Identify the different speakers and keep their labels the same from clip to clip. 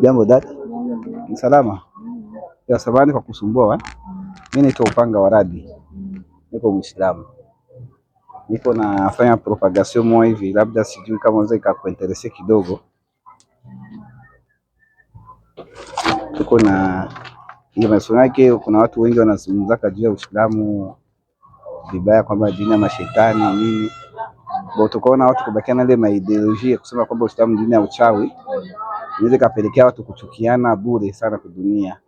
Speaker 1: Jambo dada, ni salama ya samani kwa kusumbua. Mimi eh? naitwa Upanga wa Radi, niko Muislamu, niko nafanya propagation moja hivi, labda sijui kama unaweza ikakuinteresse kidogo. Tuko na ile masomo yake, kuna watu wengi wanazungumzaka juu ya Uislamu vibaya, kwamba dini ya mashetani nini, tukaona watu kubakiana ile maideolojia kusema kwamba Uislamu dini ya uchawi inaweza ikapelekea watu kuchukiana bure sana kwa dunia,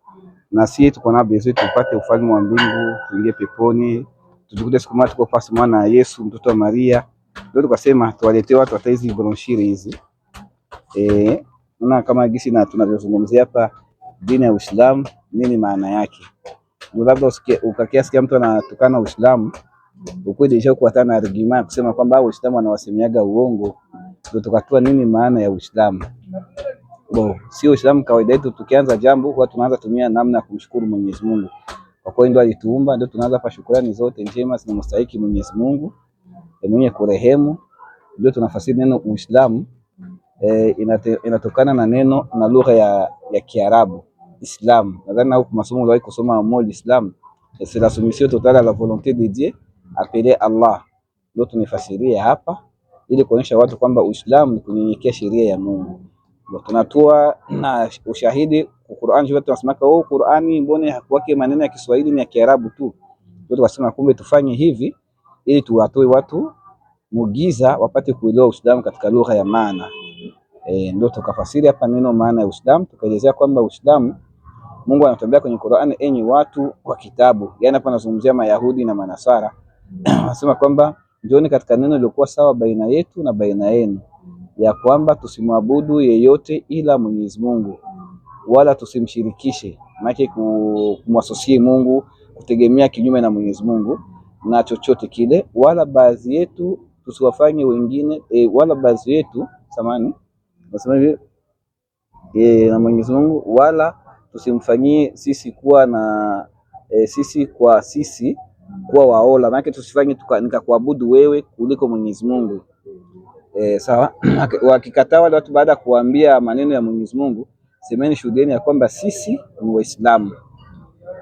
Speaker 1: na sisi tuko na besoin tupate ufalme wa mbingu, tuingie peponi, tujikute siku moja tuko pasi mwana wa Yesu mtoto wa Maria. Ndio tukasema tuwaletee watu hata hizi brochure hizi eh, na kama gisi na tunavyozungumzia hapa dini ya Uislamu nini maana yake, labda ukakiasikia mtu anatukana Uislamu ukuidishakuatana na argument kusema kwamba Waislamu wanawasemiaga uongo, ndio tukatua nini maana ya Uislamu. Wow. Sio Uislamu kawaida yetu, tukianza jambo huwa tunaanza tumia namna ya kumshukuru Mwenyezi Mungu. Kwa kweli ndio alituumba, ndio tunaanza pa shukrani zote njema zinamstahiki Mwenyezi Mungu eh, mwenye kurehemu. Ndio tunafasiri neno Uislamu e, inatokana na neno na lugha ya, ya Kiarabu Islam. Nadhani na huko masomo wao kusoma mmoja Islam, c'est eh, la soumission totale à la volonté de Dieu appelé Allah. Ndio tunafasiria hapa ili kuonyesha watu kwamba Uislamu ni kunyenyekea sheria ya Mungu tunatoa na ushahidi Qur'an yote tunasemaka, oh Qur'ani, mbona hakuwake maneno ya Kiswahili ni ya Kiarabu tu? Ndio tukasema kumbe tufanye hivi ili tuwatoe watu mugiza wapate kuelewa Uislamu katika lugha ya maana. Eh, ndio tukafasiri hapa neno maana ya Uislamu, tukaelezea kwamba Uislamu Mungu anatembea kwenye Qur'ani, enyi watu wa kitabu. Yaani hapa anazungumzia Mayahudi na Manasara. Anasema kwamba njooni katika neno lilikuwa sawa baina yetu na baina yenu ya kwamba tusimwabudu yeyote ila Mwenyezi Mungu, wala tusimshirikishe maana kumwasosie Mungu kutegemea kinyume na Mwenyezi Mungu na chochote kile, wala baadhi yetu tusiwafanye wengine e, wala baadhi yetu samani nasema e, na Mwenyezi Mungu wala tusimfanyie sisi kuwa na e, sisi kwa sisi kuwa waola, maana tusifanye nikakuabudu wewe kuliko Mwenyezi Mungu e, sawa. Wakikataa wale watu baada ya kuwaambia maneno ya Mwenyezi Mungu, semeni shuhudeni ya kwamba sisi ni Waislamu.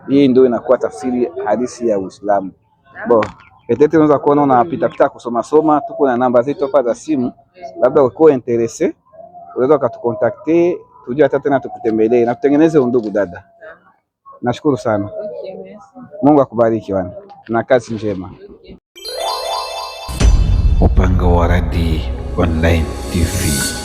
Speaker 1: Hii ndio inakuwa tafsiri halisi ya Uislamu. Bo, petete unaweza kuona unapita pita kusoma soma, tuko na namba zetu hapa za simu, labda uko interesse unaweza ukatukontakte tujue hata tena tukutembelee na tutengeneze undugu dada. Nashukuru sana. Mungu akubariki wana na kazi njema. Upanga Waradi Online TV.